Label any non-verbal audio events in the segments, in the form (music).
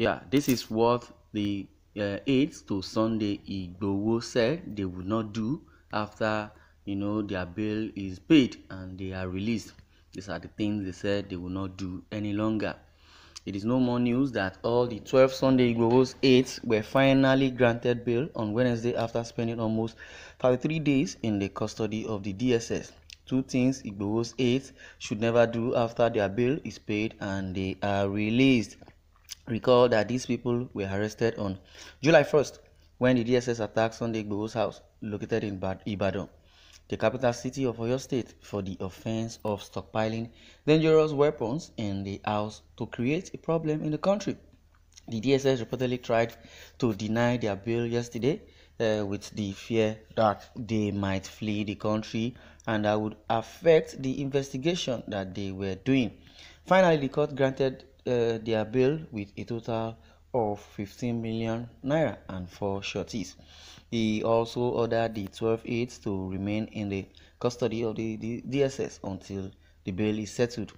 Yeah, this is what the uh, aides to Sunday Igboho said they would not do after you know their bail is paid and they are released. These are the things they said they will not do any longer. It is no more news that all the 12 Sunday Igboho's aides were finally granted bail on Wednesday after spending almost 33 days in the custody of the DSS. Two things Igboho's aides should never do after their bail is paid and they are released. Recall that these people were arrested on July 1st when the DSS attacked Sunday Igbo's house located in Bad Ibadan, the capital city of Oyo State, for the offense of stockpiling dangerous weapons in the house to create a problem in the country. The DSS reportedly tried to deny their bail yesterday uh, with the fear that they might flee the country and that would affect the investigation that they were doing. Finally, the court granted uh, their bail with a total of 15 million naira and four shorties. He also ordered the 12 aides to remain in the custody of the, the DSS until the bail is settled.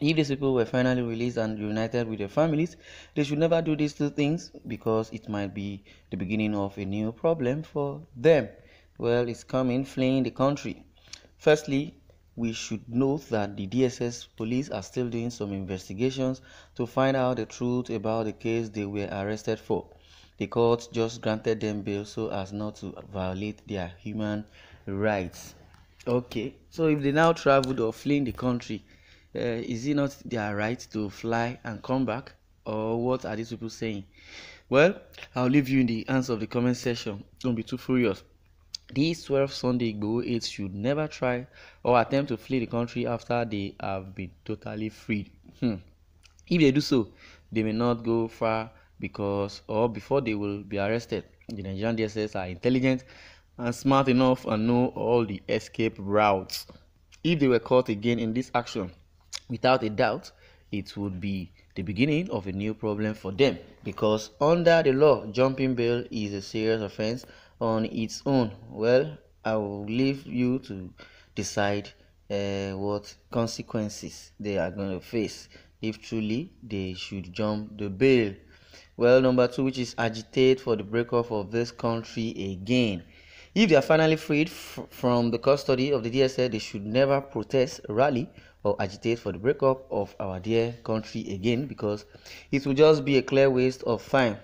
If these people were finally released and reunited with their families, they should never do these two things because it might be the beginning of a new problem for them. Well, it's coming, fleeing the country. Firstly, we should note that the DSS police are still doing some investigations to find out the truth about the case they were arrested for. The court just granted them bail so as not to violate their human rights. Okay, so if they now traveled or fleeing the country, uh, is it not their right to fly and come back? Or what are these people saying? Well, I'll leave you in the answer of the comment section. Don't be too furious. These 12 Sunday Igbo It should never try or attempt to flee the country after they have been totally freed. Hmm. If they do so, they may not go far because or before they will be arrested. The Nigerian DSS are intelligent and smart enough and know all the escape routes. If they were caught again in this action, without a doubt, it would be the beginning of a new problem for them because under the law, jumping bail is a serious offense on its own, well, I will leave you to decide uh, what consequences they are going to face if truly they should jump the bail. Well, number two, which is agitate for the breakup of this country again. If they are finally freed f- from the custody of the DSA, they should never protest, rally, or agitate for the breakup of our dear country again because it will just be a clear waste of time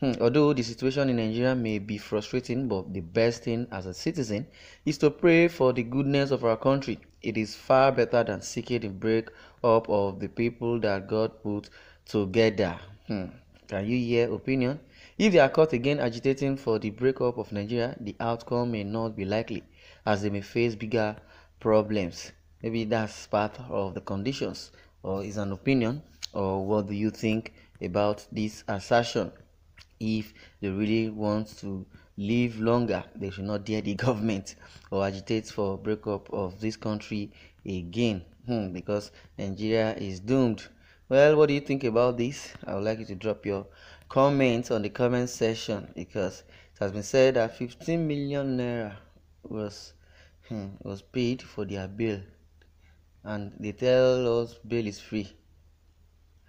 Hmm, although the situation in Nigeria may be frustrating but the best thing as a citizen is to pray for the goodness of our country, it is far better than seeking the break up of the people that God put together. Hmm. Can you hear opinion? If they are caught again agitating for the breakup of Nigeria, the outcome may not be likely as they may face bigger problems. Maybe that's part of the conditions or is an opinion or what do you think about this assertion? if they really want to live longer, they should not dare the (laughs) government or agitate for breakup of this country again hmm, because Nigeria is doomed. Well, what do you think about this? I would like you to drop your comments on the comment section because it has been said that 15 million naira was hmm, was paid for their bill, and they tell us bill is free.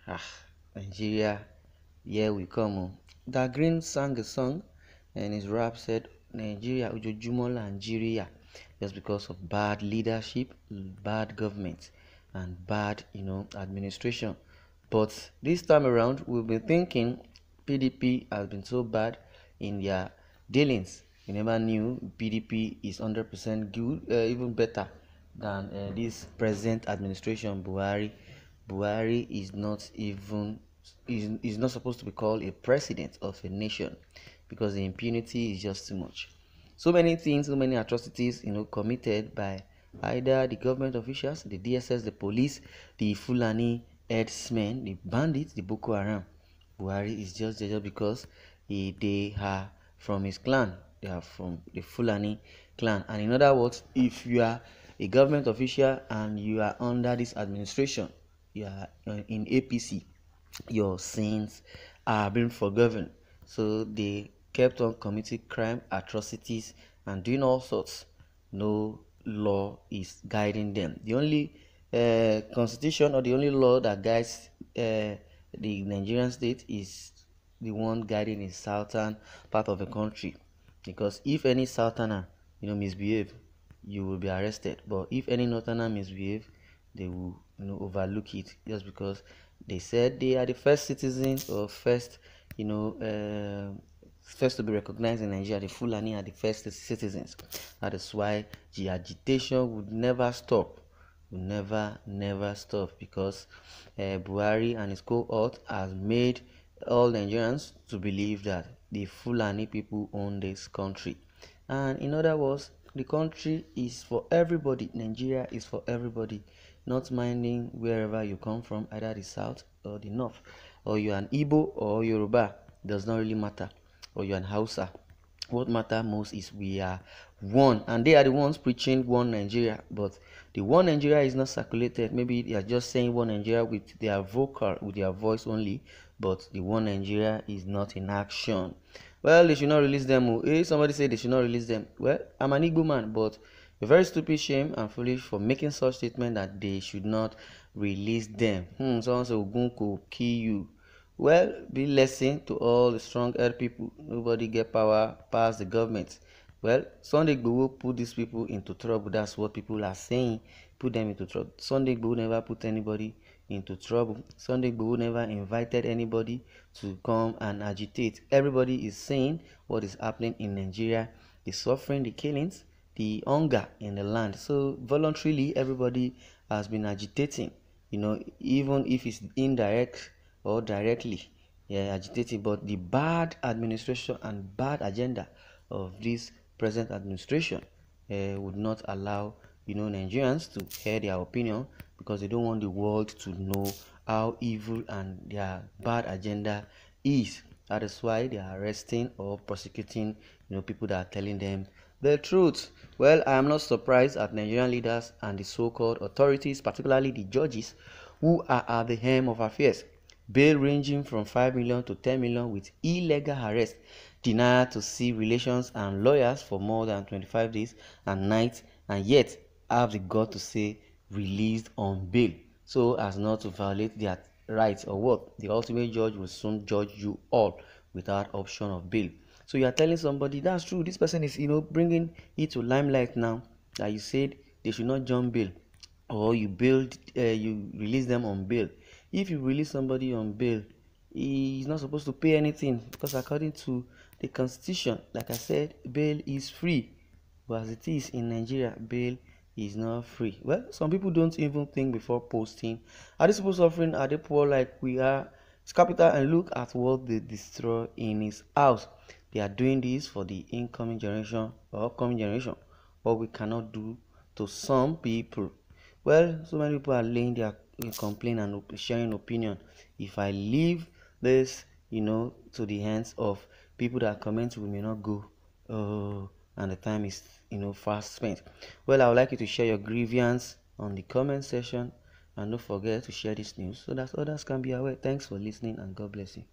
Ah, Nigeria, here we come. Oh. Da Green sang a song and his rap said, Nigeria, Ujojumo Nigeria, just because of bad leadership, bad government, and bad, you know, administration. But this time around, we've been thinking PDP has been so bad in their dealings. We never knew PDP is 100% good, uh, even better than uh, this present administration, Buhari. Buhari is not even is, is not supposed to be called a president of a nation because the impunity is just too much. So many things, so many atrocities, you know, committed by either the government officials, the DSS, the police, the Fulani headsman, the bandits, the Boko Haram. Buhari is just there because he, they are from his clan. They are from the Fulani clan. And in other words, if you are a government official and you are under this administration, you are in APC, your sins are being forgiven. So they kept on committing crime, atrocities, and doing all sorts. No law is guiding them. The only uh, constitution or the only law that guides uh, the Nigerian state is the one guiding the southern part of the country. Because if any southerner, you know, misbehave, you will be arrested. But if any northerner misbehave, they will you know overlook it just because They said they are the first citizens or first, you know, uh, first to be recognized in Nigeria. The Fulani are the first citizens. That is why the agitation would never stop would never never stop because uh, Buhari and his cohort has made all Nigerians to believe that the Fulani people own this country and in other words the country is for everybody Nigeria is for everybody not minding wherever you come from, either the south or the north, or you're an Igbo or Yoruba, does not really matter, or you're an Hausa. What matter most is we are one, and they are the ones preaching one Nigeria. But the one Nigeria is not circulated. Maybe they are just saying one Nigeria with their vocal, with their voice only. But the one Nigeria is not in action. well they should not release them oh hey eh, somebody say they should not release them well i'm an igbo man but a very stupid shame and foolish for making such statement that they should not release them hmm someone say ogun go kill you well be lesson to all the strong head people nobody get power pass the government Well, Sunday Igboho put these people into trouble. That's what people are saying. Put them into trouble. Sunday Igboho never put anybody into trouble. Sunday Igboho never invited anybody to come and agitate. Everybody is saying what is happening in Nigeria, the suffering, the killings, the hunger in the land. So voluntarily, everybody has been agitating. You know, even if it's indirect or directly, yeah, agitating. But the bad administration and bad agenda of this present administration uh, would not allow you know Nigerians to hear their opinion because they don't want the world to know how evil and their bad agenda is. That is why they are arresting or prosecuting you know people that are telling them the truth. Well, I am not surprised at Nigerian leaders and the so-called authorities, particularly the judges, who are at the helm of affairs. Bail ranging from five million to ten million with illegal arrest denied to see relations and lawyers for more than 25 days and nights and yet have the gut to say released on bail so as not to violate their rights or what the ultimate judge will soon judge you all without option of bail so you are telling somebody that's true this person is you know bringing it to limelight now that you said they should not jump bail or you bailed uh, you release them on bail if you release somebody on bail he is not supposed to pay anything because according to the constitution like i said bail is free but as it is in nigeria bail is not free well some people don't even think before posting are supposed to suffer? are they poor like we are it's capital and look at what they destroy in his house they are doing this for the incoming generation or upcoming generation what we cannot do to some people well so many people are laying their complaint and sharing opinion if i leave this you know to the hands of people that comment we may not go uh, and the time is you know fast spent well i would like you to share your grievance on the comment section and don't forget to share this news so that others can be aware thanks for listening and god bless you